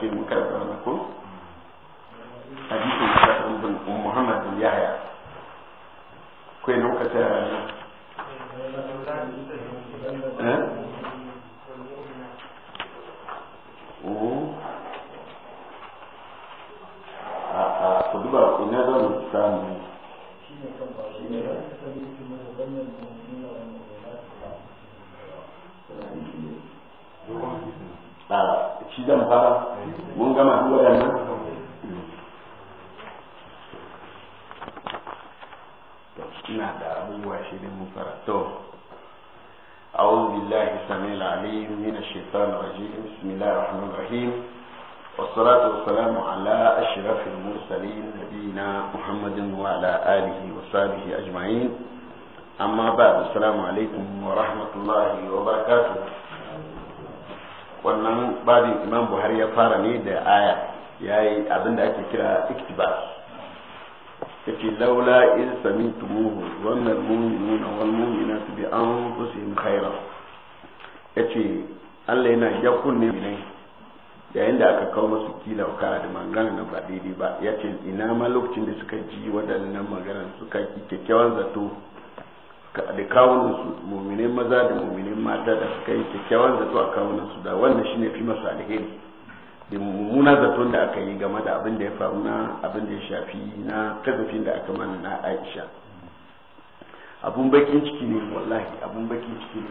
ce mun ko لولا إذ سمعتموه ظن المؤمنون والمؤمنات بأنفسهم خيرا yace Allah yana ya kunne ne yayin da aka kawo masu kila kara da magana na ba daidai ba ya ce ina ma lokacin da suka ji waɗannan magana suka ki kyakkyawan zato da kawunan su maza da muminai mata da suka yi kyakkyawan zato a kawunan su da wannan shine fi masu alheri da zaton da aka yi game da abin da ya faru na abin da ya shafi na kazafin da aka mana na aisha abun bakin ciki ne wallahi abun bakin ciki ne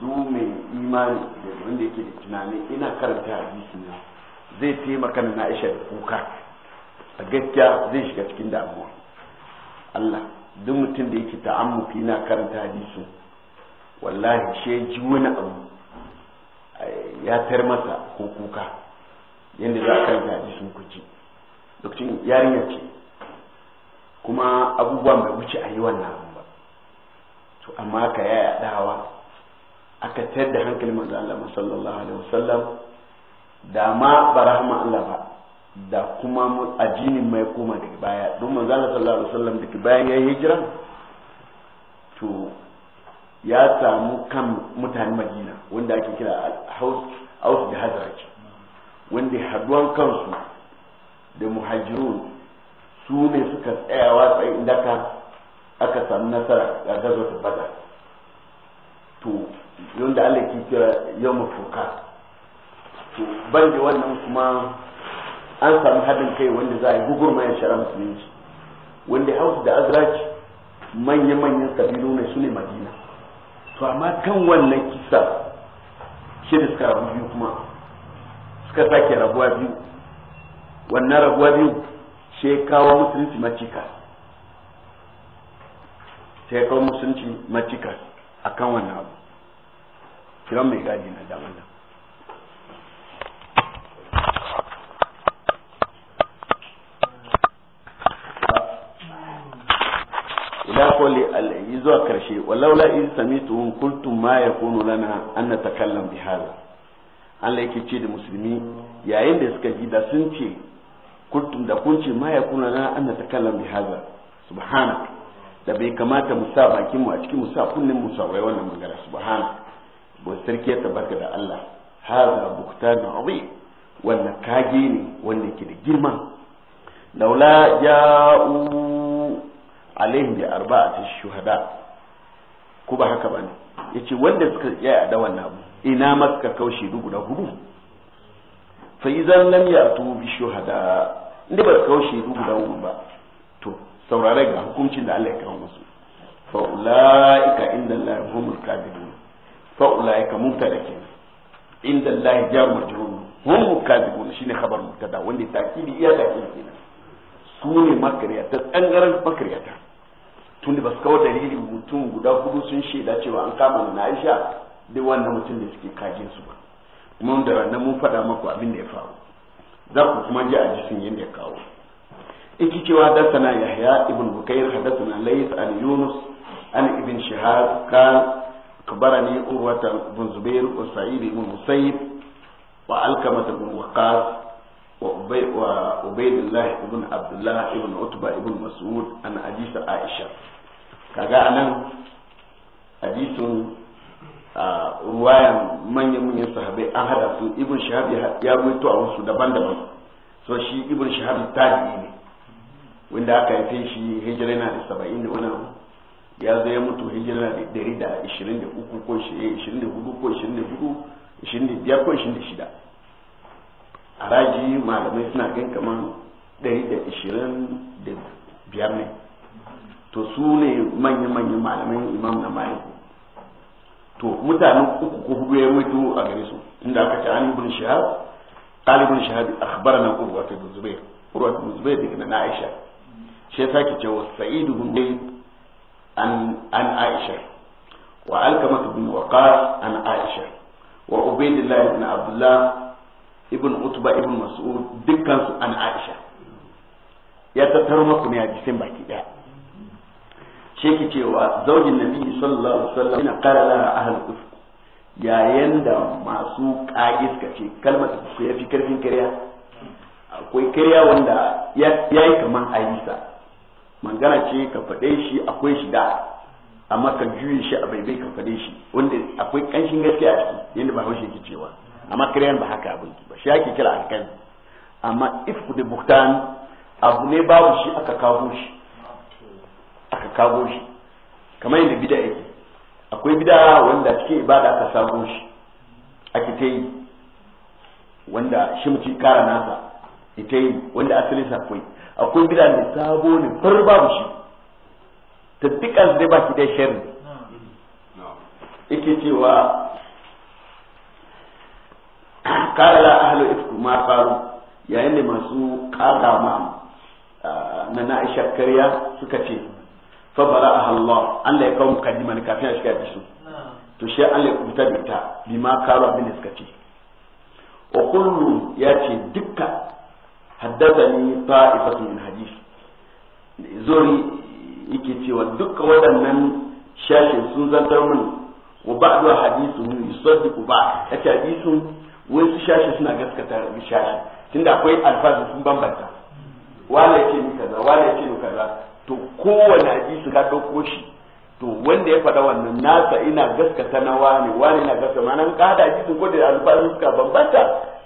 duk mai imani da wanda yake da tunani ina karanta hadisi ne zai taimaka na aisha da kuka a gaskiya zai shiga cikin damuwa Allah duk mutum da yake ta'ammuki na karanta hadisi wallahi shi ji wani abu eh, ya tar masa ko kuka yadda za a kai a sun kuci doktin yarinya ce kuma abubuwan bai wuce a yi wannan abun ba to amma ka yaya dawa aka tayar da hankalin manzo Allah sallallahu alaihi wasallam da ma barahma Allah ba da kuma addinin mai koma daga baya don manzo Allah sallallahu alaihi wasallam daga bayan yayin hijira to ya samu kan mutanen Madina wanda ake kira Haus house da Hazraj wanda haduwan kansu da muhajirun su ne suka tsayawa tsayin daka aka samu nasara ga gazo ta bada to yadda Allah ke kira yau mafuka to ban da wannan kuma an samu haɗin kai wanda za a yi mayan shara musulunci wanda hausu da Azraci manya-manyan kabilu ne su ne madina to amma kan wannan kisa shi da suka rabu biyu kuma suka sake rabuwa biyu wannan rabuwa biyu shekawa musulunci macika kawo musulunci macika a kan wannan abu kiran mai gadi na damar da Kole qawli zuwa izwa karshe walaula in samituhum qultum ma yakunu lana an natakallam bi hadha Allah yake ce da musulmi yayin da suka ji da sun ce kuntum da kun ce ma ya kuna na an ta kallon bi haza subhana da bai kamata mu sa bakin mu a cikin mu sa kunnen mu sa wai wannan magana subhana bo sarki ya tabbata da Allah haza buktan azim wannan kage ne wanda yake da girma laula ja'u alayhi bi arba'ati shuhada ku ba haka bane yace wanda suka tsaya da wannan abu ina maka kaushe dubu da hudu fa idan lam yartu bi shuhada inda ba kaushe dubu da hudu ba to saurare ga hukuncin da Allah ya kawo musu fa ulaika inda Allah humul kadibun fa ulaika mubtada ke inda Allah jar majrun hum kadibun shine khabar mubtada wanda takidi iya da kenan su ne makariyata tsangaren makariyata tun da ba su kawo dalilin mutum guda hudu sun shaida cewa an kama na Aisha duk wannan mutum da suke kajin su ba mun da ranar mun faɗa maku abin da ya faru za ku kuma ji a jisin yadda ya kawo iki cewa hadathana yahya ibn bukair hadathana layth an yunus an ibn shihab kan akhbarani urwata ibn zubair wa sa'id ibn musayyib wa alkamat ibn waqas ubay wa ubaydullah ibn abdullah ibn utba ibn mas'ud an hadith aisha kaga anan hadithun ruwayan manya-manyan sahabai an hada su ibn shahab ya ruwaito a wasu daban-daban so shi ibn shahab tabi'i ne wanda aka haife shi hijira na da saba'in da wani ya zo ya mutu hijira da dari da ishirin da uku ko ishirin eh, da hudu ko ishirin da hudu ishirin da biyar ko ishirin da shida a raji malamai suna gan kamar dari da ishirin da biyar ne to su ne manya-manyan malamai imam na malik to mutanen uku ko hudu ya mutu a gare su inda aka ce an ibn shahab qali ibn shahab akhbarana urwa ibn zubair urwa ibn zubair da na aisha shi yasa ke cewa sa'id ibn an an aisha wa alkama ibn waqas an aisha wa ubaydullah ibn abdullah ibn utba ibn mas'ud dukkan su an aisha ya tattaro maku ne a jikin baki daya ce ki cewa zaujin nabi sallallahu alaihi wasallam ina qala laha ahl kufr yayin da masu ka'is ka ce kalmar ku fi karfin kariya akwai kariya wanda yayi kaman ayisa. magana ce ka faɗe shi akwai shi da amma ka juye shi a baibai ka faɗe shi wanda akwai ƙanshin gaskiya a ciki yadda ba haushe ke cewa amma kariyan ba haka abin ba shi ake kira alkan amma ifku da buktan abu ne babu shi aka kawo shi aka kago shi kamar yadda bida yake akwai bida wanda cikin ibada aka sago shi ake ta yi wanda shi mutum kara nasa ita yi wanda asali sa akwai akwai bida ne sabo ne far babu shi ta dukkan zai ba ki dai shirin yake cewa kara la ahlu ifku ma faru yayin da masu kara ma ah, na na'ishar karya suka ce fa a Allah Allah ya kawo mukaddima ne kafin a shiga da su to shi Allah ya kubuta da ita bima kawo abin da suka ce wa kullu ya ce dukka haddathani ta'ifatu min hadith zori yake cewa dukka waɗannan shashin sun zantar mun wa ba'du hadithu yusaddiqu ba hadisun hadithun wasu shashi suna gaskata shashi tunda akwai alfazu sun bambanta wala yake ni kaza wala yake ni kaza to kowane su ga ɗauko shi to wanda ya faɗa wannan nasa ina gaskata na wani wani na gaskata ma nan kada hadisin ko da alfarin suka bambanta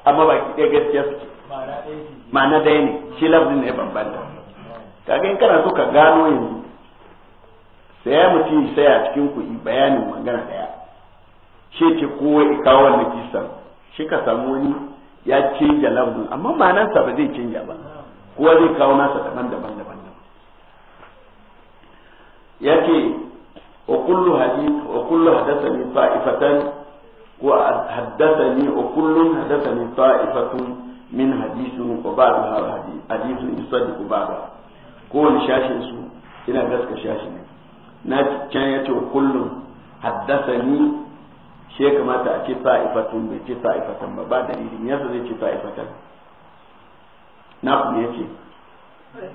amma baki ɗaya gaskiya suke ma'ana ɗaya ne shi lafzin ne bambanta kaga in kana so ka gano yanzu sai ya mutum sai a cikin kuɗi bayanin magana ɗaya shi ce kowa ya kawo wannan kisan shi ka samu wani ya canja lafzin amma ma'anarsa ba zai canja ba kowa zai kawo nasa daban-daban yake wa kullu hadith wa kullu hadathani ta'ifatan wa hadathani wa kullu hadathani ta'ifatun min hadithun wa ba'd hadith hadithun yusaddiqu ko ni shashin su ina gaska shashi ne na can ya ce kullum haddasani she kamata a ce sa'ifatun bai ce ta'ifatan ba ba dalilin yasa zai ce ta'ifatan na kuma yace ce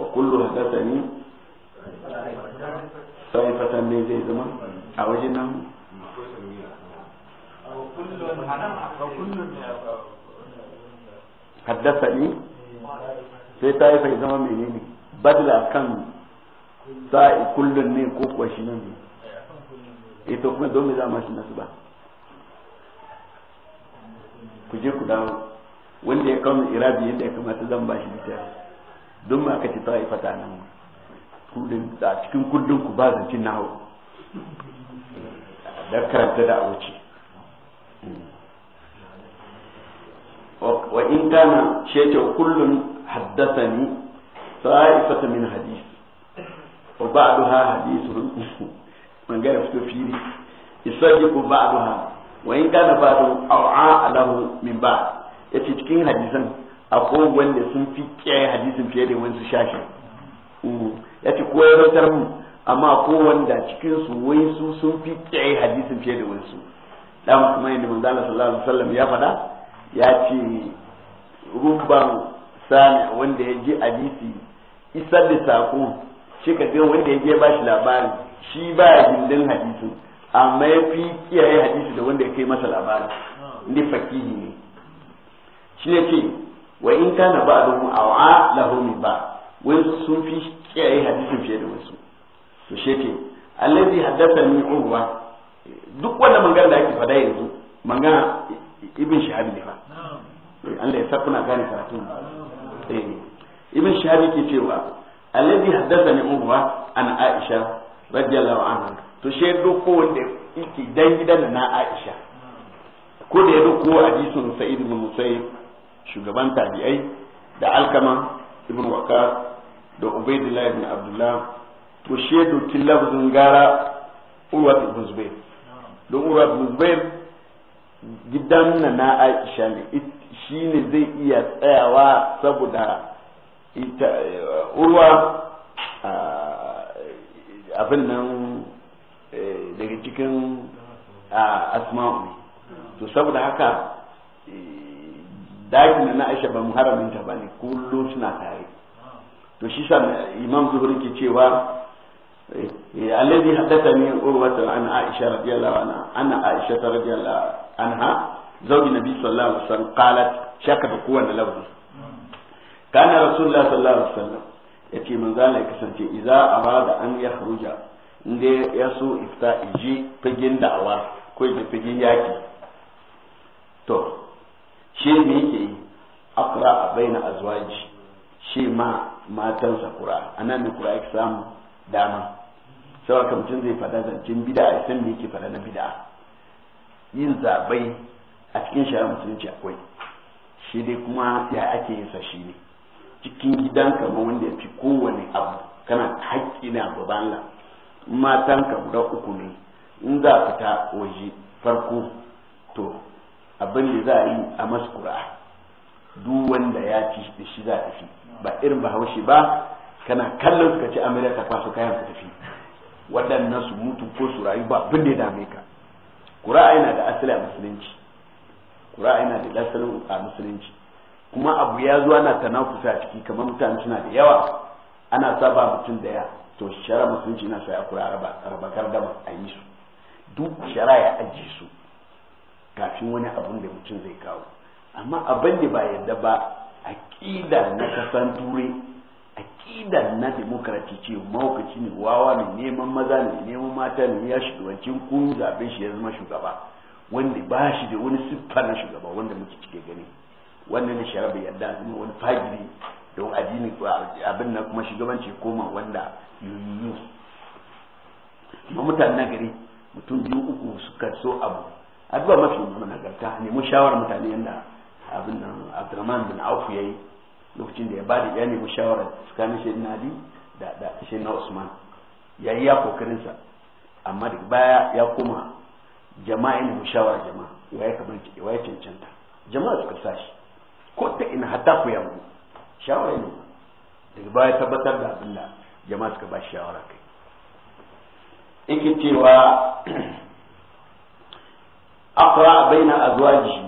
wa kullum haddasani sai fatan ne zai zama a wajen nan haddasa ne sai ta yi fai zama menene badla kan sa'i kullun ne ko kuwa shi nan ne ita eh, kuma don me za ma shi nasu ba ku je ku dawo wanda ya kawo irabi yadda ya kamata zan ba shi littafi don ma aka ci ta yi fata kudin a cikin kudin ku ba zancin hau da karanta da a wuce wa in gana shece kullum haddasani fata min hadis wa ba'daha hadithun hadis gara fito fili isaddiqu ha wa in kana ba'du aw'a alahu min ba. yace cikin hadisan akwai wanda sun fi kiyaye hadisin fiye da wani shashi mm. ya ci kowa ya mu amma ko wanda cikin su wai su sun fi tsaye hadisin fiye da wasu dan kuma yadda manzo Allah sallallahu alaihi wasallam ya faɗa ya ce rubban sami wanda ya ji hadisi isar da sako shi ka ga wanda ya je ba shi labari shi ba ya dan hadisin amma ya fi kiyaye hadisi da wanda ya kai masa labari ni fakihi ne shi ne ce wa in kana ba'dhum aw'a lahu ba wai sun fi kiyaye hadisin fiye da wasu to sheke allazi haddathani urwa duk wannan magana da yake fada yanzu magana ibn shahabi ne fa eh, Allah ya sa kuna gane karatu eh, ibn shahabi ke cewa allazi haddathani urwa an aisha radiyallahu anha to she duk wanda yake dan gidan na aisha ko da ya duk hadisin sa'id bin musayyib shugaban tabi'ai da alkama ibn waqas da ubaidillah ibn abdullah to shi ya lafzin gara urwa ibn zubair don urwa ibn zubair gidan na na aisha ne shi ne zai iya tsayawa saboda ita eh, urwa abin nan eh, daga cikin asma'u ne to saboda haka dakin eh, na aisha ba muharamin ta bane kullum suna tare to shi sa imam zuhri ke cewa eh, alladhi haddathani urwatu an aisha radiyallahu anha anna aisha radiyallahu anha zawji nabi sallallahu alaihi wasallam qalat shaka da kuwan lafzi kana rasulullah sallallahu alaihi wasallam yace manzo Allah ya kasance idza arada an yakhruja inda ya so ifta iji fagen da'awa ko iji fagen yaki to shi me yake yi akra baina azwaji shi ma matansa kura anan mai kura yake samu dama sau aka mutum zai fada zancen bida a san me yake fada na bida yin zabai a cikin shari'a ce akwai shi dai kuma ya ake yin sa ne cikin gidan kamar wanda ya fi kowane abu kana haƙƙi na gaban la matan ka guda uku ne in za fita waje farko to abin da za a yi a masu kura'a duk wanda ya ci da shi za tafi ba irin bahaushe ba kana kallon suka ci amarya ta kwaso kayan su tafi waɗannan su mutu ko su rayu ba abin da ya dame ka ƙura'a yana da asali a musulunci ƙura'a yana da asali a musulunci kuma abu ya zuwa na tanakusa a ciki kamar mutane suna da yawa ana saba mutum da daya to shara musulunci na sai akura raba gardama a yi su duk shara ya ajiye su kafin wani abun da mutum zai kawo amma abin da ba yadda ba aƙida na kasan turai aƙida na demokrati ce maukaci ne wawa ne neman maza ne neman mata ne ya shugabancin kun zaɓe shi ya zama shugaba wanda ba shi da wani siffa na shugaba wanda muke cike gani wannan ne shara bai yadda zama wani fagiri don addini abin na kuma shugabanci koma wanda yuyu kuma mutane na gari mutum biyu uku suka so abu addu'a mafi nagarta nemi shawarar mutane yadda abin nan abdurrahman bin auf yayi lokacin da ya bada ya nemi shawara tsakanin shi na ali da da shi na usman yayi ya kokarin sa amma daga baya ya koma jama'a ne mushawara jama'a waye kamar waye cancanta jama'a suka sashi ko ta ina hatta ku ya mu? shawara ne daga baya tabbatar da abin da jama'a suka ba shawara kai yake cewa aqra baina azwaji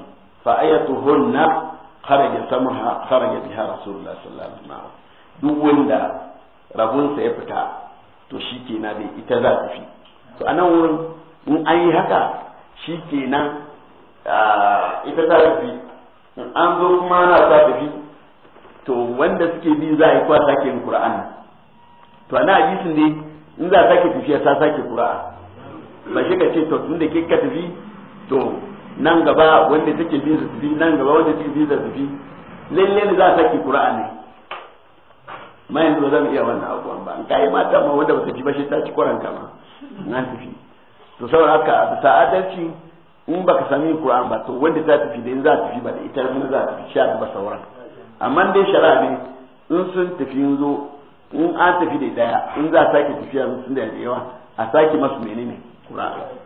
fa ayatuhunna kharaja samha kharaja biha rasulullah sallallahu alaihi wasallam duk wanda rabunsa ya fita to shikenan dai ita za ta fi to anan wurin in an yi haka shikenan ita za ta fi in an zo kuma na ta fi to wanda suke bi za a yi kwa sake yin qur'ani to ana hadisin ne in za a sake tafiya ta sake qur'a ba shi ka ce to tun da ke ka tafi to nan gaba wanda take bin zazzabi nan gaba wanda take bin zazzabi lalle ne za a saki qur'ani ma yanzu ba za mu iya wannan abubuwan ba in kai mata ma wanda baka ji ba shi ta ci kwaran kama na tafi to saboda haka a bisa in baka sami qur'an ba to wanda ta tafi da in za tafi ba da ita ne za tafi sha ba sauran amma dai shari'a ne in sun tafi in zo in an tafi da daya in za a sake tafiya sun da yawa a sake masu menene qur'an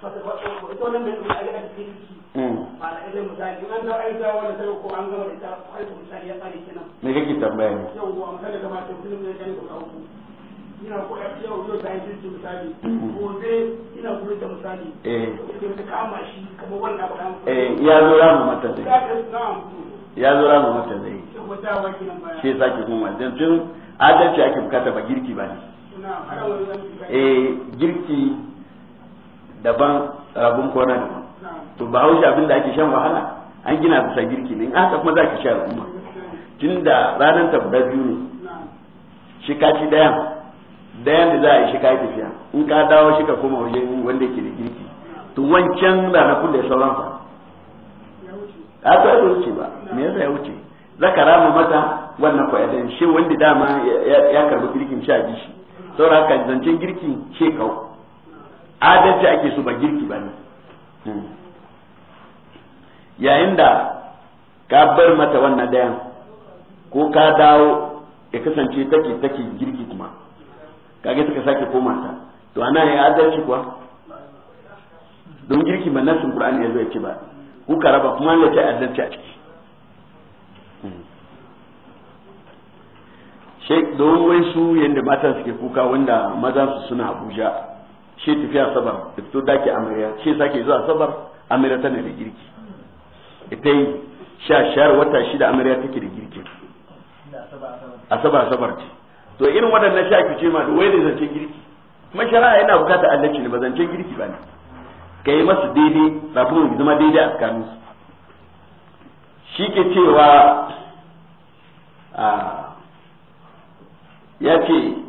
ita wannan da kuma ga cikin ba da irin misali an da aita wani sai ko an gama da ita sai ku misali ya kare kenan me kake tambaya ne yau ko amma da kamar ta kullum ne kan ko kawo ina ko yau yau da shi misali ko mm. dai ina kuma da misali eh da kama shi kamar wannan ba dan eh ya zo ya mu mata dai ya zo ya mu mata dai shi sake kuma dan tun adalci ake bukata ba girki ba ne eh girki daban rabin kona daban to ba haushi abin da ake shan wahala an gina bisa girki ne in aka kuma za ki sha al'umma tun da ranar ta guda biyu ne shi ka ci dayan dayan da za a yi shi ka yi tafiya in ka dawo shi ka koma waje wanda ke da girki to wancan ranakun da ya sauran fa a to ya wuce ba me yasa ya wuce zaka rama mata wannan kwayadan shi wanda dama ya karbi girkin sha bishi saboda haka zancen girkin kawai adalci ake so ba girki ba ne yayin da ka bar mata wannan dayan ko ka dawo ya kasance take take girki kuma kage ka sake koma ta to ana ya adalci kuwa don girki ba nasin qur'ani zo ya ce ba ku ka raba kuma ya ce adalci a ciki shek don wai su yanda matan suke kuka wanda maza su suna Abuja shi a sabar da fito dake amarya shi sake zuwa sabar amarya tana da girki ita yi sha shayar wata shida amarya take da girki asabar asabar ce to irin waɗannan sha ki ce ma da wani zance girki kuma shari'a yana bukata allaci ne ba zance girki ba ne ka yi masu daidai ba kuma zama daidai a tsakanin su shi ke cewa ya ce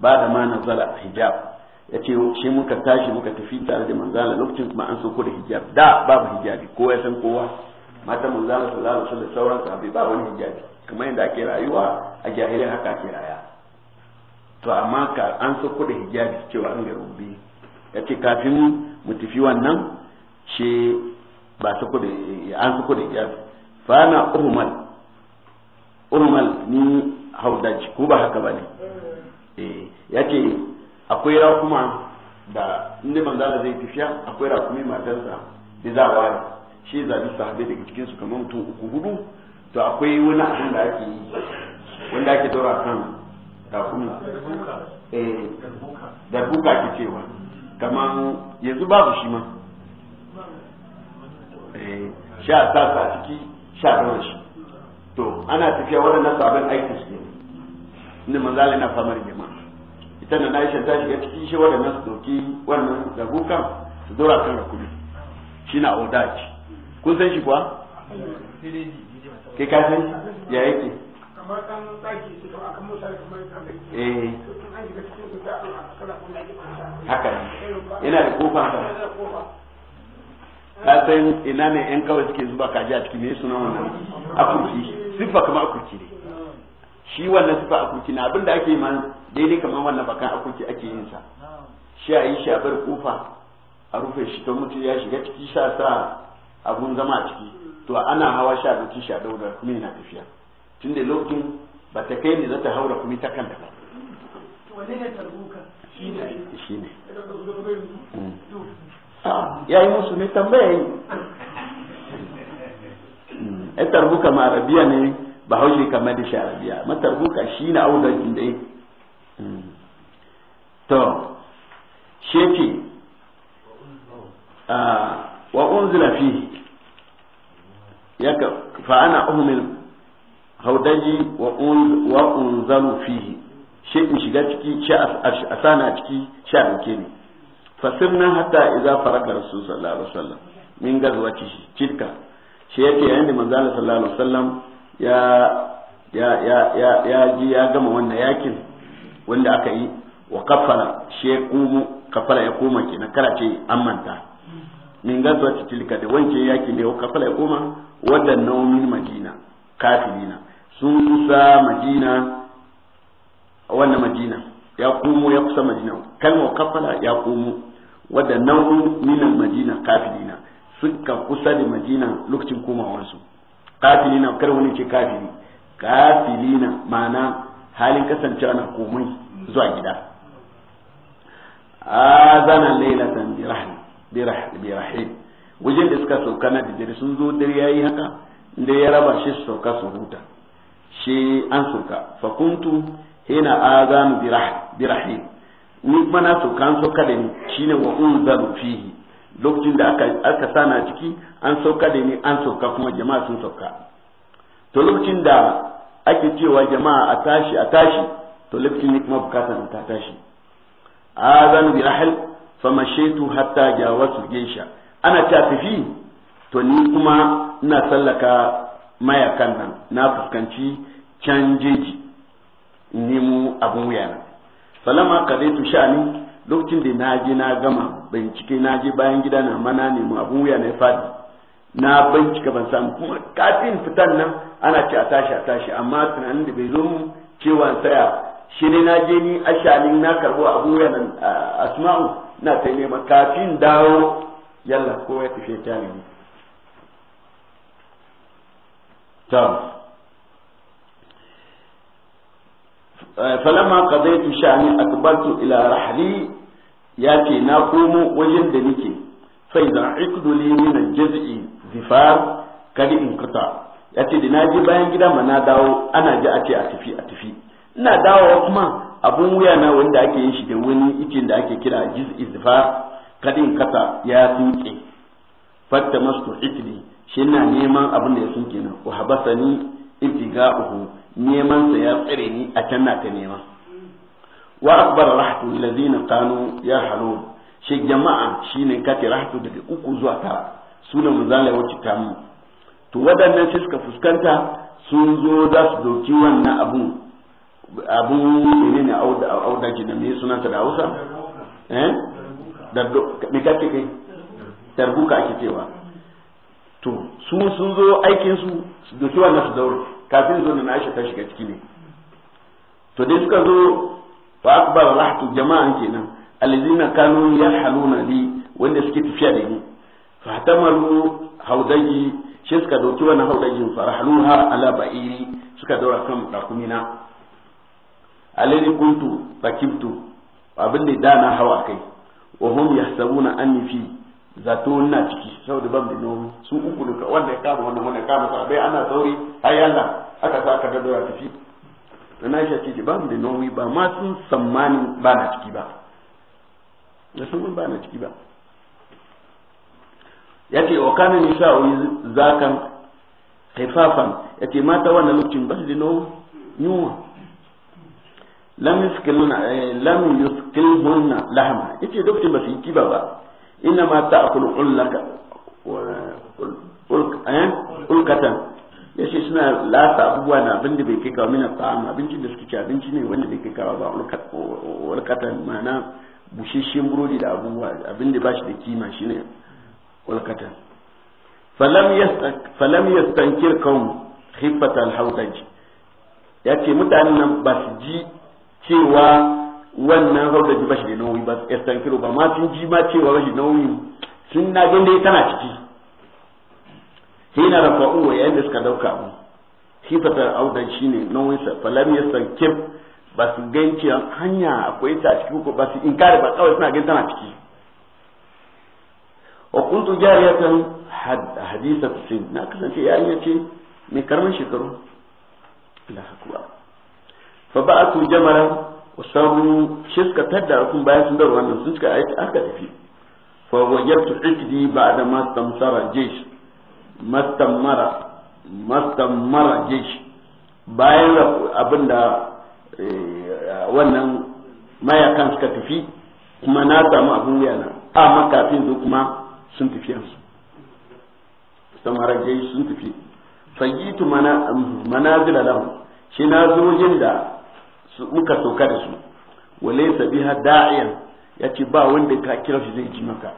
ba da ma nazala hijab ya ce shi muka tashi muka tafi tare da manzala lokacin kuma an sauko da hijab da babu hijabi ko ya san kowa mata manzala sallallahu alaihi wasallam sauran sahabbai ba wani hijabi kamar yadda ake rayuwa a jahilin haka ake raya to amma ka an sauko da hijabi cewa an garubi ya ce kafin mu tafi wannan shi ba sauko da an sauko da hijabi fa na urmal urmal ni haudaji ko ba haka ba ne Eh, ya ce akwai rakuma da inda manzo Allah zai tafiya akwai rakumi matarsa da za a ware shi zabi sahabbai daga cikin su kamar mutum uku hudu to akwai wani abin da ake yi wanda ake daura kan rakumi eh darbuka ke cewa kamar yanzu babu shi ma eh sha sa sa ciki sha daura shi to ana tafiya waɗannan sabon aikin su ne inda manzala yana fama da jama'a ita na shi ta shiga cikin shi waɗannan su doki wannan da gukan su dora kan kudi shi na odaji kun san shi kuwa kai ka san ya yake kamar kan tsaki su to akan mota kamar kan eh haka yana da kofa ka san ina ne yan kawai suke zuba kaji a cikin me sunan wannan akurki kuma kamar akurki ne shi wannan sifa akuki na abinda ake man daidai kamar wannan bakan akuki ake yin sa shi a yi shi kofa a rufe shi ta mutu ya shiga ciki sha sa abun zama a ciki to ana hawa sha doki sha da kuma yana tafiya tun da lokacin ba ta kai ne za ta haura kuma ta kanta ba shi ne ah, ya yi musu ne tambaya yi ya hmm, tarbuka ma arabiya ne ba haushe kamar da sharabiya matarbuka shi na audakin da to sheke wa unzila fi yaka fa ana uhmil haudaji wa unzalu fihi shi shiga ciki a sana ciki sha a ne fasir nan hatta iza faraka rasul sallallahu alaihi wasallam min ciki, cika. shi yake yayin da manzo sallallahu alaihi wasallam ya ya ya ya ya ji ya gama wannan yakin wanda aka yi wa kafara shi ya kumu kafara ya koma ke na karace an manta min gazuwa tilka da wancan yakin da wa kafara ya koma waɗannan min madina kafirina sun kusa madina wannan madina ya komo ya kusa madina kalma kafala ya komo wadda nau'in madina kafirina suka kusa da madina lokacin komawarsu kafilina kar wani ce kafiri kafilina ma'ana halin kasancewa na komai zuwa gida azana lailatan birahim birahim wajen da suka sauka na dijiri sun zo dare yayi haka da ya raba shi su sauka su huta shi an sauka fakuntu hina azan birahim ni kuma na sauka an sauka da ni shine wa'un unzaru lokacin da aka sana ciki an sauka da ni an sauka kuma jama'a sun sauka to lokacin da ake cewa jama'a a tashi a tashi to lokacin ne kuma bukatar ta tashi azan bi rahal famashaitu hatta jawasu geisha ana ta tafi to ni kuma ina sallaka mayakan nan na fuskanci canjeji nemo abin wuya na salama kadaitu sha'ani lokacin da na je na gama bincike na je bayan gida na mana ne mu abun wuya na fadi na bincika ban samu kuma kafin fitan nan ana ci a tashi a tashi amma tunanin da bai zo mu cewa tsaya shi ne na je ni a shalin na karbo abun wuya nan asma'u na ta nema kafin dawo yalla ko ya tafi ta ne ta فلما قضيت شأني أكبرت إلى رحلي ya ce na komo wajen da nake sai da ikdu li min jaz'i zifar kadi in kuta ya ce da naji bayan gida ma na dawo ana ji a ce a tafi a tafi ina dawo kuma abun wuya na wanda ake yin shi da wani icin da ake kira jiz'i zifar kadi in kata ya tuke fatta mastu ikli shi na neman abin da ya sun kenan wa habasani ibtiga'uhu neman sa ya tsire ni a can na ta neman wa akbar rahtu alladhina kanu ya halun shi jama'a shine kati rahtu daga uku zuwa tara da manzala wacce ta mu to wadannan sai suka fuskanta sun zo za su doki wannan abun abun ne auda ki da me ta da Hausa eh da me kake kai tarbuka ake cewa to su sun zo aikin su su doki wannan su daure kafin zo na Aisha ta shiga ciki ne to dai suka zo fa akbar rahtu jama'an kenan allazina kanu yarhaluna li wanda suke tafiya da ni fa hatamalu haudaji shi suka dauki wannan haudajin farhaluha ala ba'iri suka daura kan rakumina alladhi kuntu rakibtu abin da dana hawa kai wa hum yahsabuna anni fi zato na ciki saboda ban da nomi su uku duka wanda ya kama wannan wanda ya kama sa bai ana sauri ayyalla aka sa aka daura tafi na shi shafi ba da nauyi ba ma sun sammanin ba na ciki ba da sammanin ba na ciki ba ya ce wa kanin nisa wani zakan haifafan ya ce mata wannan lokacin ba su da nauyi yunwa lam yuskilna eh, hunna lahama lahma yace lokacin ba su yi kiba ba inna ma ta'kulu ulaka eh, eh, ulkatan yace suna lasa abubuwa na abin da bai kai kawo mina ta'am abincin da suke ci abinci ne wanda bai kai kawo ba walkatan ma'ana busheshen burodi da abubuwa abin da ba shi da kima shi ne walkatan falam yastankir kawun hiffata alhaudaj ya ce mutanen nan ba su ji cewa wannan haudaji ba shi da nauyi ba yastankiru ba ma sun ji ma cewa ba shi nauyi sun na gande tana ciki hina rafa'u wa yayin da suka dauka abu sifatar audan shine sa falam kib ba su ganci hanya akwai ta ciki ko ba su inkari ba kawai suna gani tana ciki wa kuntu jariyatan hadisa sin na kasance yarinya ce mai karamin shekaru la akbar fa ba'atu jamara wa sabu shiska tadda kun bayan sun da wannan sun cika aiki aka tafi fa wajabtu ikdi ba'da ma tamsara jish mastammara mastammara jeshi bayan abin da wannan mayakan suka tafi kuma na samu abin yana a makafin su kuma sun tafi yansu samara jeshi sun tafi fagitu manazila lahu shi na zojin da muka soka da su wale sabiha da'iyan ya ce ba wanda ka kira shi zai ji maka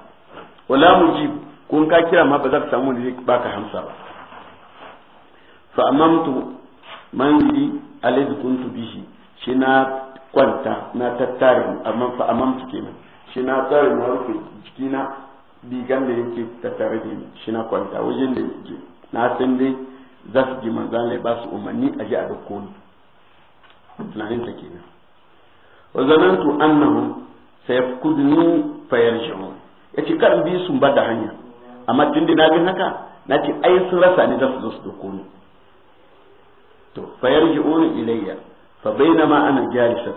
wala mujib kun ka kira ma ba za ka samu ba ka hamsa ba fa amamtu manzi alladhi kuntu bihi shi na kwanta na tattare amma fa amamtu kenan shi na tsare na rufe jikina bigan da yake tattare da ni shi na kwanta wajen da yake na san dai za su ji manzan lai ba su umarni a ji a dauko ni tunanin ta kenan wa zanantu annahum sayafkuduni fayarji'un yace kan bi sun bada hanya amma tun da na haka na ce ai sun rasa ni za su zo su dauko ni to fa yarji'una ilayya fa bainama ana jalisa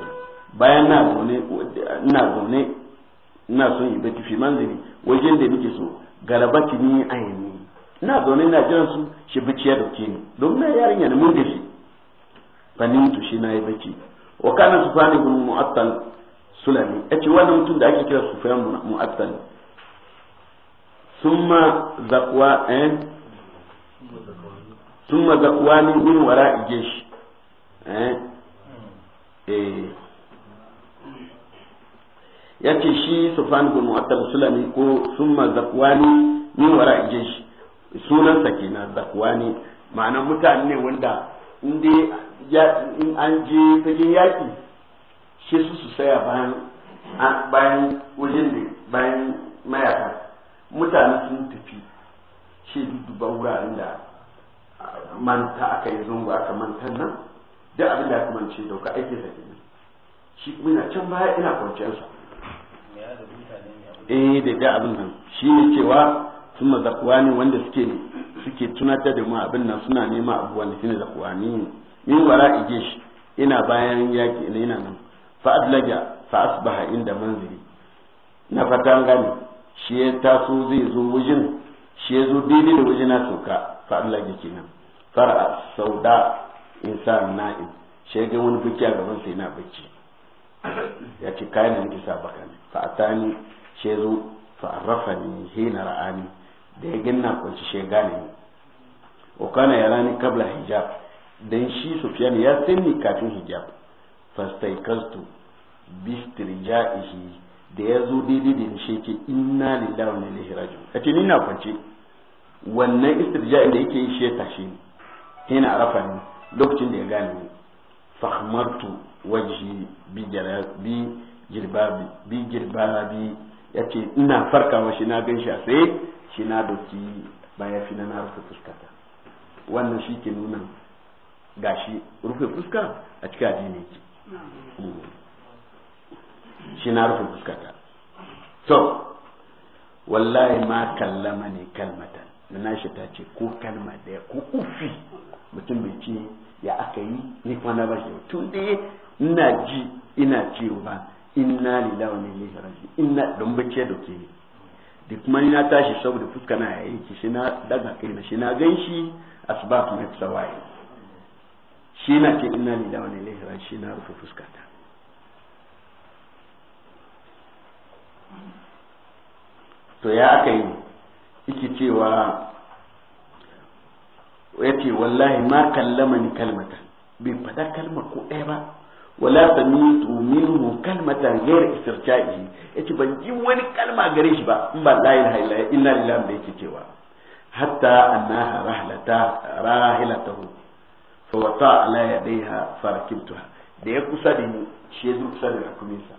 bayan na zaune ina zaune ina son yi bacci fi manzili wajen da nake so garabati ni ayini ina zaune ina jiran su shi bacci ya dauke ni domin na yarinya ne mun da shi fa ni shi na yi bacci wa kana sufani bin mu'attal sulami yace wannan mutum da ake kira sufyan mu'attal summa zakwa eh summa zakwani min wara ijesh eh yace shi sufan bin mu'attal sulami ko summa zakwani min wara ijesh sunan sa kenan zakwani ma'ana mutane ne wanda in in an je fagen yaki shi su su saya bayan bayan wajen bayan mayaka mutane sun tafi shi dubban wuraren da manta aka yi zungu aka manta nan duk abin da aka mance dauka ake sa kenan shi kuma ina can baya ina kwanciyar su eh da da abin nan shi ne cewa sun ne wanda suke suke tunatar da mu abin nan suna nema abubuwan da zakuwa zakuwani min wara ije shi ina bayan yaki ina nan fa adlaja fa asbaha inda manzili na fatan gani shi ya taso zai zo wajen shi ya zo daidai da wajen na sauka fa Allah ya kenan fara sauda insan na'im shi ga wani bukiya gaban sai na bacci ya ce kayan da nake sa baka ne fa atani shi ya zo fa arrafani hina ra'ani da ya ganna kwanci shi gane ni o kana rani kabla hijab dan shi sufyan ya ni kafin hijab fastaikastu bistirja'ihi da ya zo daidai da nishe ce inna lillahi wa inna ilaihi raji'un kace ni na kwance wannan istirja'in da yake yi shi ya tashi ni yana arafa ni lokacin da ya gane ni fahmartu wajhi bi jarabi jirbabi bi jirbabi yace ina farkawa shi na gan shi a tsaye shi na doki baya fi na rufe fuskata wannan shi ke nuna gashi rufe fuska a cikin addini shi na rufe fuskata to wallahi ma kallama ne kalmata na nashi ta ce ko kalma daya ko ufi mutum bai ce ya aka yi ne kuma na bashi tun ɗaya ina ji ina cewa inna lillahi wa inna ilaihi raji inna don bace da ke ne da kuma na tashi saboda fuska na yayi ki shi na daga kai na shi na ganshi asbab mai tsawaye shi na ce inna lillahi wa inna ilaihi shi na rufe fuskata to ya aka yi yake cewa ya ce wallahi ma kallama ni kalmata bai fada kalma ko ɗaya ba wala samitu minhu kalmata ghayr ya ce ban ji wani kalma gare shi ba in ba layin hailaya ina inna da yake cewa hatta annaha rahlata hu fa wata ala yadayha farakibtuha da ya kusa da ni shi ya kusa da rakuminsa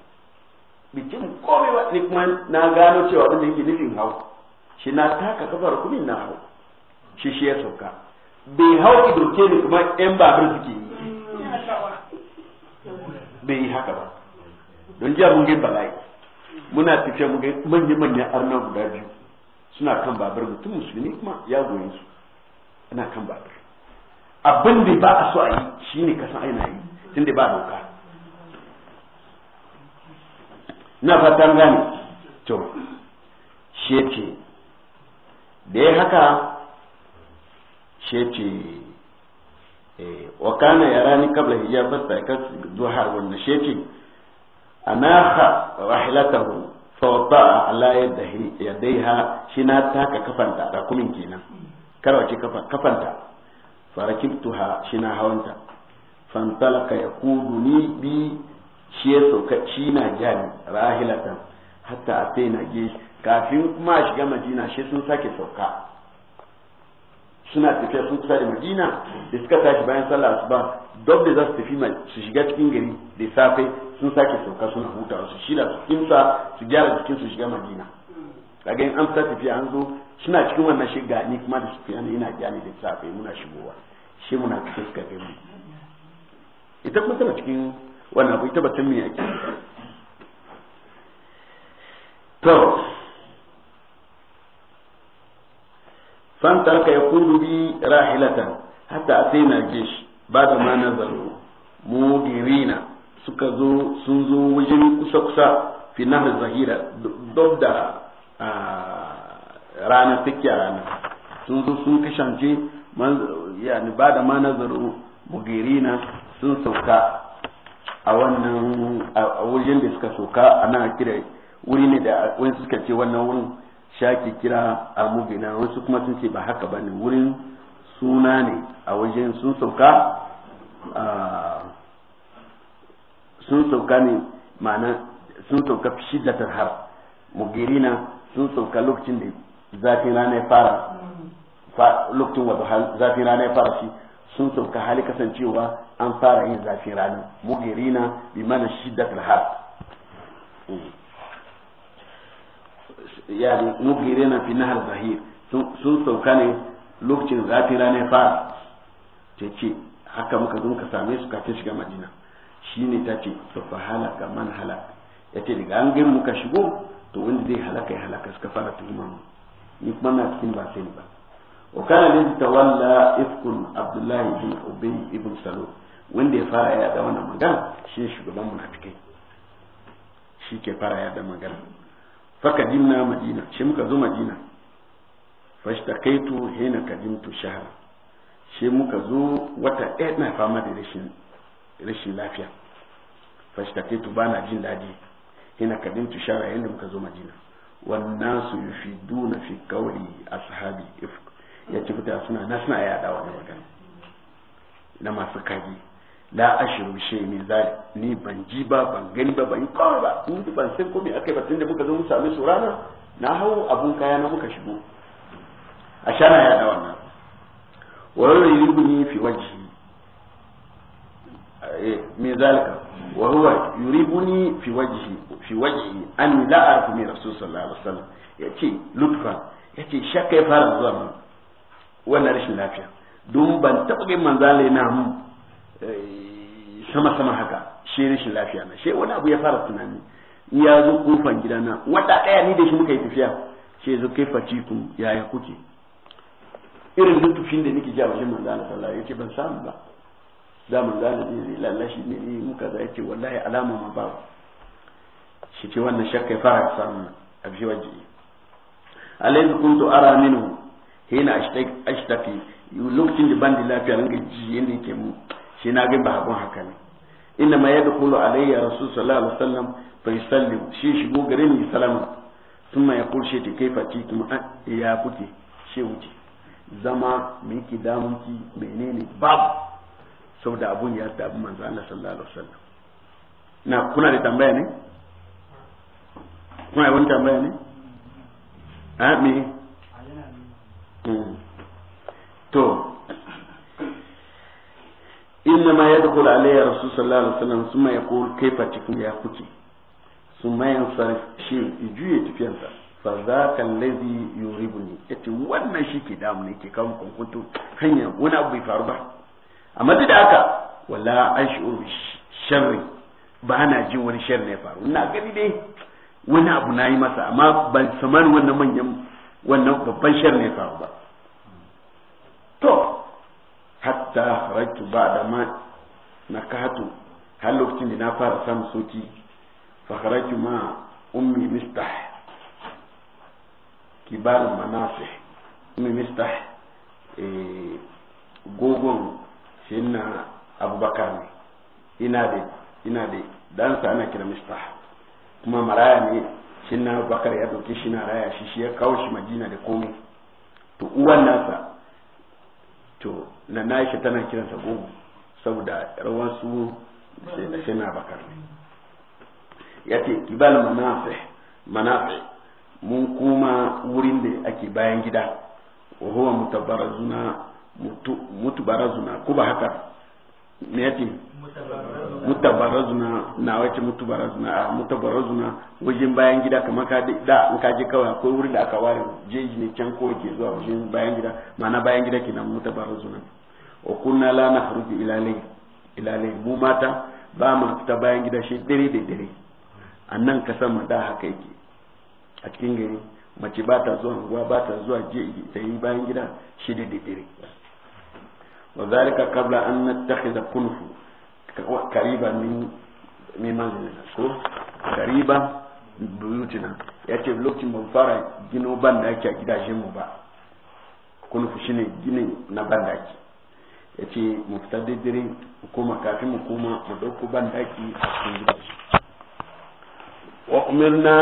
bikin komai ba ni kuma na gano cewa abin da yake nufin hau shi na taka kafar kuma na hau shi shi ya sauka bai hau idoke ni kuma yan babur suke yi bai yi haka ba don jiya mun gai bala'i muna tafiya mun gai manya-manyan arna guda biyu suna kan babur mutum musulmi kuma ya goyi su ana kan babur abin da ba a so a yi ne kasan aina yi tun da ba doka na fatan gani? to she da ya haka she eh, wa kana yarani kabla hijab fasta ka duha wanda she ce anaha rahilatahu fa wata ala yadihi yadaiha shi na taka kafanta da kumin kenan karwace kafanta ha shi na hawanta fantalaka ni bi shi ya sauka shi na jani rahilatan hatta a sai na ge kafin kuma shiga madina shi sun sake sauka suna tafiya sun kusa da madina da suka tashi bayan sallah asuba duk da za su tafi su shiga cikin gari da safe sun sake sauka suna huta su shida su kimsa su gyara jikin su shiga madina kaga in an fita tafiya an zo suna cikin wannan shiga ni kuma da su ne ina gyani da safe muna shigowa shi muna cikin suka mu ita kuma tana cikin wannan abu ita batun me yake to fan tarka yaqulu bi rahilatan hatta ataina jish da ma nazaru mugirina suka zo sun zo wajen kusa kusa fi nahar zahira duk da rana take rana sun zo sun kashance ba da ma nazaru mugirina sun sauka a wannan a wajen da suka soka a nan kira wuri ne da wani suka ce wannan wurin shaki kira a mugina wasu kuma sun ce ba haka ba ne wurin suna ne a wajen sun sauka sun sauka ne ma'ana sun sauka shiddatar har na sun sauka lokacin da zafin rana ya fara lokacin wato zafin rana ya fara shi sun sauka hali kasancewa an fara yin zafin ranar muhirina bi mana shiddatul har ne muhirina fi nahar zahir sun sauka ne lokacin zafin ranar fara ta ce haka muka zo muka same su kafin shiga madina ne ta ce fa halaka man halaka ya ce daga an gani muka shigo to wanda zai halaka ya halaka suka fara tuhuma mu ni kuma na cikin ba sai ba وكان الذي تولى إفك عبد الله بن أبي بن سلول wanda ya fara yada wannan magana shi ne shugaban munafikai shi ke fara yada magana faka dimna madina shi muka zo madina fashtakaitu hina kadimtu shahara shi muka zo wata ɗaya na fama da rashin rashin lafiya fashtakaitu ba na jin daɗi hina kadimtu shahara yadda muka zo madina wannan su yi fi kawai a sahabi ya ci fita suna na suna yada wani magana na masu kaji la ashiru shi ne zai ni ban ji ba ban gani ba ban kawai ba ji ban san ko me akai ba tunda muka zo mu same su rana na hau abun kaya na muka shigo a shana ya da wannan wa yuribuni fi wajhi eh, min zalika wa huwa yuribuni fi wajhi fi wajhi an la arfu min rasul sallallahu alaihi wasallam yace lutfa yace shakka ya fara zuwa mun wannan rashin lafiya don ban taɓa ga manzalai na mu Eh, sama sama haka shi rashin lafiya na shi wani abu ya fara tunani ya zo kofan na wata daya ni da shi muka yi tafiya shi zo kai faci ku yaya kuke irin tufin da nake jawo shi wajen manzo Allah sallallahu alaihi ban samu ba da manzo Allah ne zai lallashi ne ni muka za yace wallahi alama ma ba shi ce wannan shakka ya fara samu a bi waje alayhi kuntu ara minhu hina ashtaki lokacin da ban da lafiya ringa ji yanda yake mu shi na ga bakon haka ne inna ma kulu alayya rasul sallallahu alaihi wasallam fa yusallim shi shigo gare ni salama thumma yaqul shi fati tikum ya kuke shi wuce zama me yake damun ki menene bab saboda abun ya tabi manzo Allah sallallahu alaihi wasallam na kuna da tambaya ne kuna wani tambaya ne a me hmm. to inna ma ya dukula alayya rasul sallallahu alaihi wasallam summa yaqul kaifa tikun ya kuke ya yansarif shi juye tafiyansa fa zaka allazi yuribuni yace wannan shi ke damu ne ke kan kunkunto hanya wani abu bai faru ba amma duk da haka wala ashuru sharri ba na jin wani sharri ya faru ina gani dai wani abu na yi masa amma ban saman wannan manyan wannan babban sharri ya faru ba to hatta raitu ba da ma na kahatu har lokacin da na fara samun soki fakaraki ma ummi mistah kibarin manasih ummi mistah eh, gogon shi na abubakar ne ina da ina da dansa ana kira mistah kuma maraya ne shi na abubakar ya dauke shi na raya shi shi ya kawo shi madina da komai to uwan nasa to na nashi tana kiransa gogo saboda rawan su sai na bakar ne ya ce kibal manafi manafi mun kuma wurin da ake bayan gida wa huwa mutabarazuna mutubarazuna ko haka me mutabarazuna na wace mutabarazuna a mutabarazuna wajen bayan gida kamar ka da in ka je kawai akwai wurin da aka ware jeji ne can ko ke zuwa wajen bayan gida mana bayan gida kenan mutabarazuna wa kunna la na ila ilalai ilalai mu mata ba mu fita bayan gida shi dare da dare a nan ka sama da haka yake a cikin gari mace ba ta zuwa ba ta zuwa jeji ta yi bayan gida shi da dare وذلك قبل أن نتخذ كنف قريبا من من منزلنا قريبا buyutina ya ce lokacin ba fara gino bandaki a gidajen mu ba kunufu shi ne ginin na ya ce mu fita daidare mu koma kafin mu koma mu dauko daki a cikin wa umirna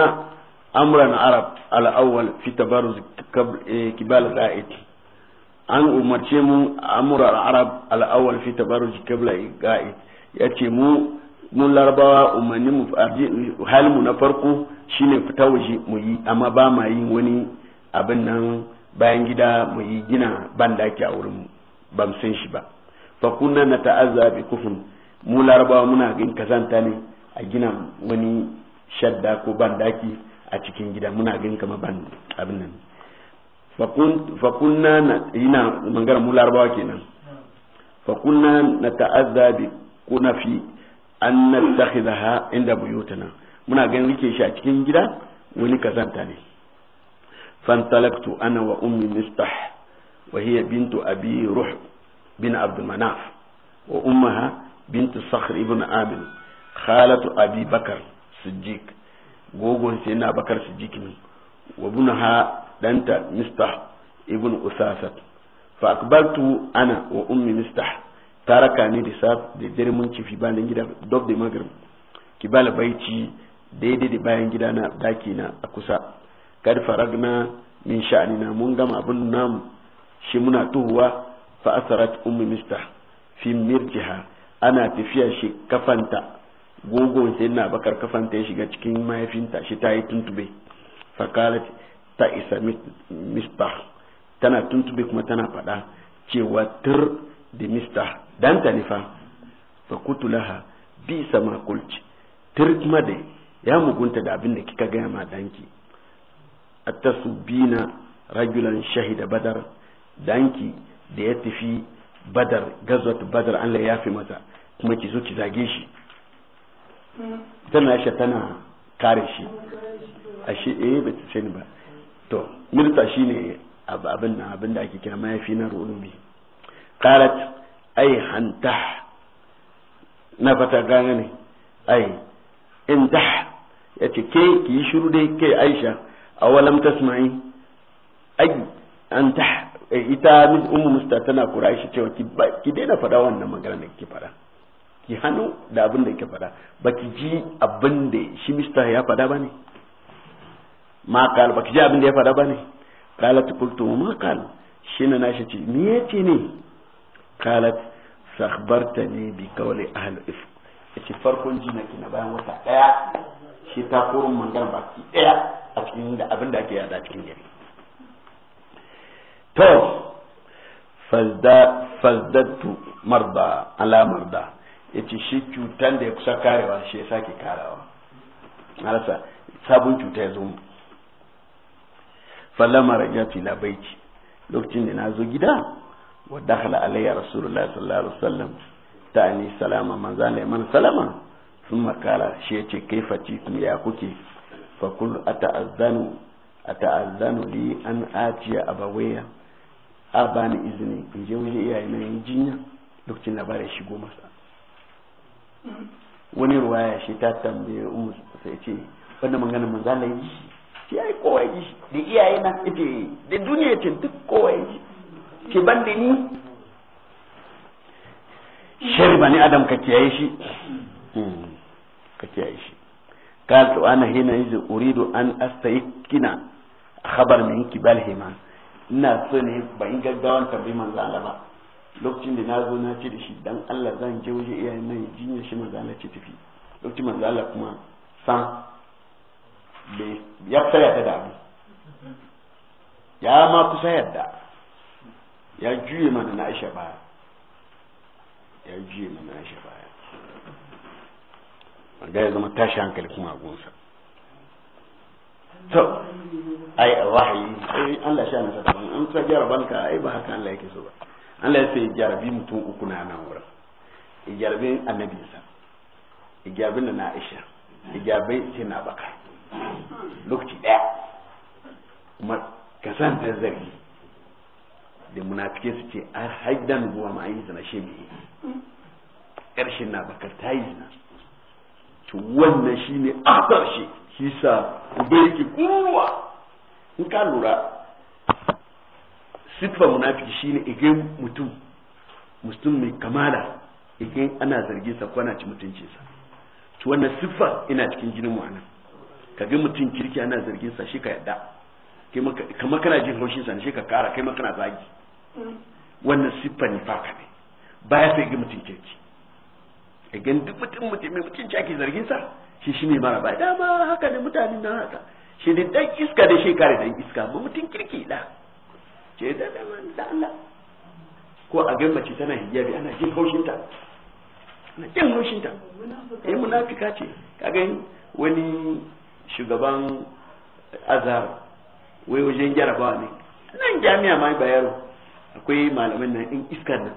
amran arab al-awwal fi tabarruz kibal an umarce mu amurar arab al'awal fi tabaruji kabla ga'i ya ce mu mun larabawa umarni mu mu na farko shine fita waje mu yi amma ba ma yi wani abin nan bayan gida mu yi gina bandaki a wurin bam san shi ba fa kunna na ta'azza bi kufun mu larabawa muna gin kazanta ne a gina wani shadda ko bandaki a cikin gida muna gin kamar ban abin nan fakunna na yana mangana mu larabawa kenan fakunna na ta'azza bi kunafi an nattakhidaha inda buyutana muna ganin rike shi a cikin gida wani kazanta ne fantalaktu ana wa ummi mistah wa hiya bintu abi ruh bin abd manaf wa ummaha bintu sakhr ibn amir khalatu abi bakar siddiq gogon sai bakar siddiq ne wa bunha danta mistah ibn usasat fa akbaltu ana wa ummi mistah taraka ni da sab da dare mun fi bayan gida dob da magrib bala baiti daidai da bayan gida na daki na a kusa kad faragna min sha'nina mun gama abun namu shi muna tuhuwa fa asarat ummi mistah fi mirjiha ana tafiya shi kafanta gogon sai na bakar kafanta ya shiga cikin mahaifinta shi ta yi tuntube fakalat ta isa mistah tana tuntube kuma tana faɗa cewa tur da mistah dan ta nifa fa kutu laha bi sama kulci tur kuma da ya mugunta da abin da kika gaya ma danki attasubina rajulan shahida badar danki da ya tafi badar gazwat badar an ya fi mata kuma ki zo ki zage shi tana shi tana kare shi ashe eh bata ta sani ba to mirta shine abin nan abin da ake kira mayafi na rubi qalat ay hanta na fata gane ne ay indah yace ke ki shiru dai ke Aisha awalam tasma'i ay anta eh, ita min ummu musta tana kura shi cewa ki ki daina fada wannan magana da kike fada ki hannu da abin da kike fada ba ki ji abin da shi mista ya fada bane ma ba ki ji abin da ya faɗa bane kalat qultu ma shi ne na shi ce me yace ne qalat ne bi qawli ahli ifk yace farkon ji na kina bayan wata ɗaya shi ta kurun magana baki daya a cikin da abin da ake yada cikin gari to fazdatu marda ala marda yace shi cutan da ya kusa karewa shi ya sake karawa marasa sabon cuta ya zo falama raja fi baiti lokacin da na zo gida wa dakhala alayya rasulullahi sallallahu alaihi wasallam ta ani salama manza ne man salama sun makala shi yace kaifa tikum ya kuke fa kul ata'azzanu ata'azzanu li an atiya abawaya abani izini in je waje iyaye na yin jinya lokacin da bare shigo masa wani ruwaya shi ta tambaye umu sai ce wannan magana manza ne shi ya yi kowa ji da iyaye na ita yi da duniya ce duk kowa ya ji ke ban da ni shari ba ni adam ka kiyaye shi hmm. ka kiyaye shi ka قال أنا هنا إذا أريد أن أستيقن خبر من قبل hima ina so ne ba yi gaggawan tabi manzo Allah ba lokacin da na zo na ce da shi dan Allah zan je waje iyayen yi jinya shi manzo Allah ce tafi lokacin manzo Allah kuma san ya kusa ya da abu ya ma kusa yadda ya juye mana na aisha baya ya juye mana na aisha baya wanda ya zama tashi hankali kuma a gunsa to ai wahayi ai Allah sha nasa daban an ta gyara banka ai ba haka Allah yake so ba Allah ya sai jarabi mutum uku na nan wurin jarabin annabinsa jarabin na Aisha jarabin sai na Bakar lokaci daya kuma ta zargi da munafike su ce a haidan buwa ma an yi zina shi mai ƙarshen na bakar ta yi zina to wannan shi ne a ƙarshe shi sa bai yake kuruwa in ka lura sifar munafiki shi ne igen mutum mutum mai kamala igen ana zargin sa ko ana ci mutuncinsa to wannan siffar ina cikin jinin mu anan ka ga mutum kirki ana zargin sa shi ka yadda kamar kana jin haushin sa ne shi ka kara kai kana zagi wannan siffa ne faka ne baya sai ga mutum kirki ka ga duk mutum mutum mutum mutunci ake zargin sa shi shi ne mara ba dama haka ne mutane na haka shi ne dan iska da shekara dan iska ba mutum kirki da ce da da Allah ko a ga mace tana hijabi ana jin haushin ta ana jin haushin ta eh munafika ce kaga wani shugaban azhar wai wajen jaraba ne nan jami'a ma ba akwai malamin nan in iskar nan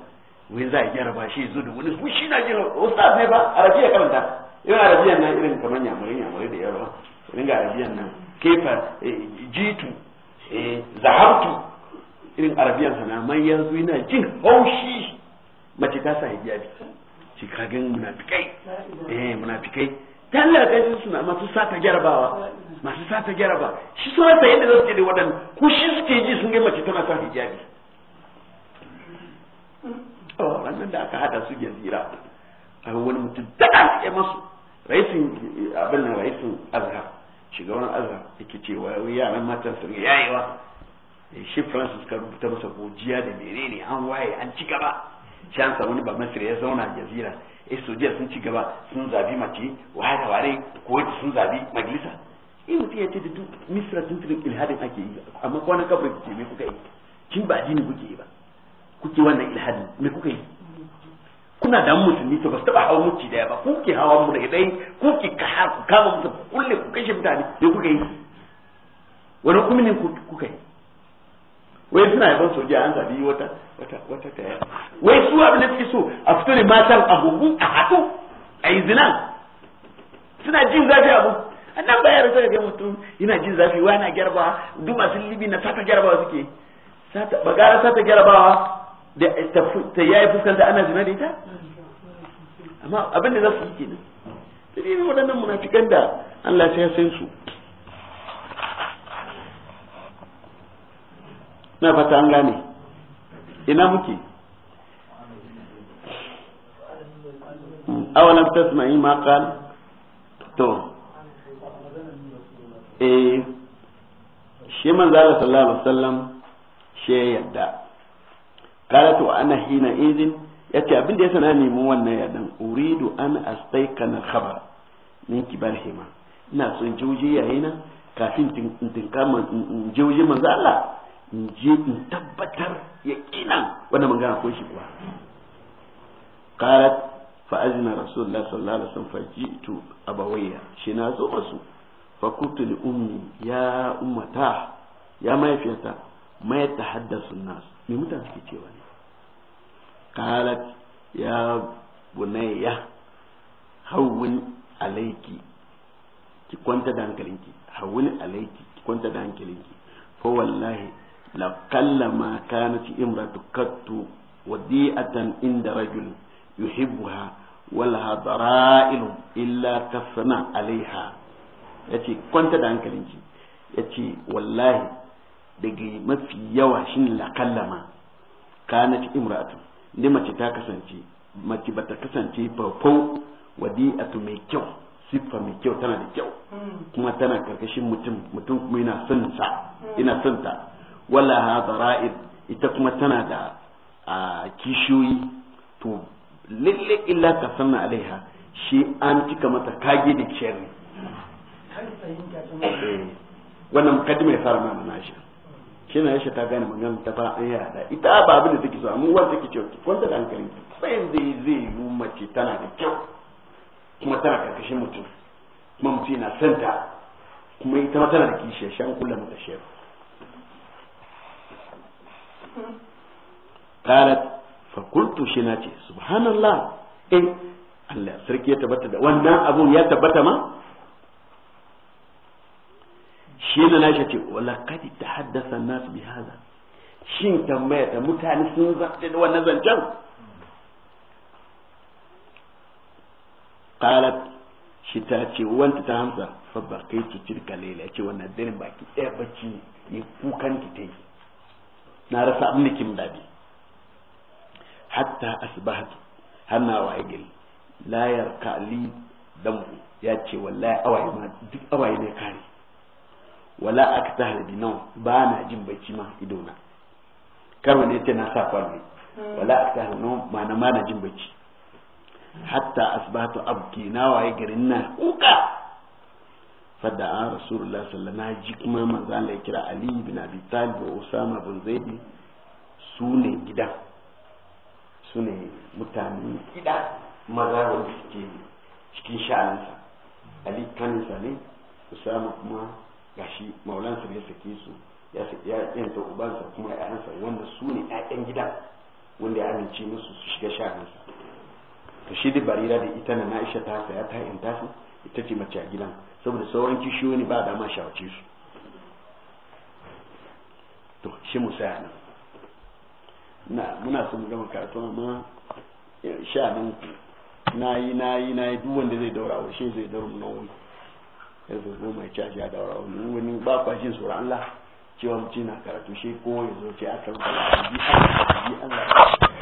wai za a jaraba shi zo da wani su shi na jira ustaz ne ba arabiya karanta irin arabiyan nan irin kamar yamurin yamurin da yaro irin ga arabiyan nan kefa eh, jitu eh, zahartu irin arabiyan sana mai yanzu yana jin haushi mace ta sa hijabi shi kagan munafikai eh munafikai ta Allah ga suna masu sata jarabawa masu sata jaraba shi so sai yadda zai da wadan ko shi suke ji sun ga mace tana sa hijabi oh wannan da aka hada su jazira a wani mutum da aka masu raisin abin nan raisin azhar wani azhar yake cewa yaran matan su yayewa eh, shi francis ka rubuta masa gojiya da menene an waye an ci gaba shi an samu ni ba masir ya zauna jazira eh sojiya sun ci gaba sun zabi mace waye da ware wace sun zabi majalisa eh mutum ya ce da duk misra tun tunin ilhadin ake yi amma kwana kabarin ce me kuka yi kin ba addini kuke yi ba kuke wannan ilhadin me kuka yi kuna da musulmi to ba su taba hawa mutum daya ba kuke hawa mu daga dai kuke kama mutum kulle ku kashe mutane me kuka yi wani kuminin kuka yi wai suna yaban sojiya an zabi wata wata wata ta yaya wai su abin da suke so a fito ne matan abubu a hato a yi zina suna jin zafi abu annan bayar sai ga mutum yana jin zafi wa na gyarba duk masu libi na sata gyarbawa suke sata bagara sata gyarbawa da ta yayi fuskanta ana zina da ita amma abin da za su yi kenan sai waɗannan munafikan da Allah ya san su na fata an gane ina muke hmm. awalam tasma'i ma qal to eh shi manzo Allah sallallahu alaihi wasallam shi yadda kala to ana hina idin yace abin da ya sana nemi wannan yadan uridu an astaykana khabar min kibar hima ina son jauji yayina kafin tinkama jauji manzo Allah in je in tabbatar ya kina wannan magana ko shi kuwa qalat fa azna rasulullah sallallahu alaihi wasallam fajitu abawayya shi na zo masu fa kuntu li ummi ya ummata ya mahaifiyata ma yatahaddasu nas me mutane suke cewa ne qalat ya bunayya hawwin alayki ki kwanta da hankalinki hawwin alayki ki kwanta da hankalinki fa wallahi la kallama kanat imratu kattu wadi'atan inda rajul yuhibbuha wala dara'il illa kasana alaiha yace kwanta da hankalinki yace wallahi daga mafi yawa shin la kallama ci imratu ne mace ta kasance mace bata kasance fafau wadi'atu mai kyau siffa mai kyau tana da kyau hmm. kuma tana karkashin mutum mutum kuma yana son sa ina hmm. son ta wala ha zara'id ita kuma tana da kishiyoyi to lalle illa ka sanna alaiha shi an cika mata kage da sharri eh, wannan mukaddima ya fara mana nashi shi na yasha ta gane magana ta ba an yada ita ba abin da take so amma wanda take cewa kwanta da hankalin sai zai zai yi mace tana da kyau kuma tana karkashin mutum kuma mutum yana santa kuma ita ma tana da kishiyar shan kullum da shefa qalat fa qultu shi nace subhanallah eh Allah sarki ya tabbata da wannan abun ya tabbata ma shi na na wala kadi ta haddasa nas bi hada shin tambaya da mutane sun zaɓe da wannan zancen qalat shi ta ce wanta ta hamsa fa ba kai ki tilka laila ce wannan dare baki ɗaya bacci ne kukan ki ta yi na rasa abin da ke daɗi hatta asbahat hanna wa igil la yarka li damu ya ce wallahi awaye ma duk awaye ne kare wala aktahal bi nau ba na jin bacci ma idona kar wani yace na sa kwalli wala aktahal nau ma na ma na jin bacci hatta asbahatu abki na waye garin na kuka fadda an rasulullah sallallahu alaihi ji kuma manzo Allah ya kira Ali bin Abi Talib da Usama bin Zaid su ne gida su ne mutane gida maza wanda suke cikin sha'aninsa Ali kanin sale Usama kuma gashi maulansa ya sake su ya sake ya yanta ubansa kuma ya'yansa wanda su ne ƴaƴan gidan wanda ya amince musu su shiga sha'aninsa to shi da barira da ita na Aisha ta saya ta in tasu ita ce mace a gidan saboda sauran kishiyo ne ba da ma shawace su to shi mu sai nan na muna son mu gama karatu amma sha nan na yi na yi na yi duk wanda zai daura wa shi zai daura mu na wani ya zo goma ya caji ya daura wani wani ba kwa jin tsoron Allah cewa mutum na karatu shi ko ya zo ce aka kan bi Allah Allah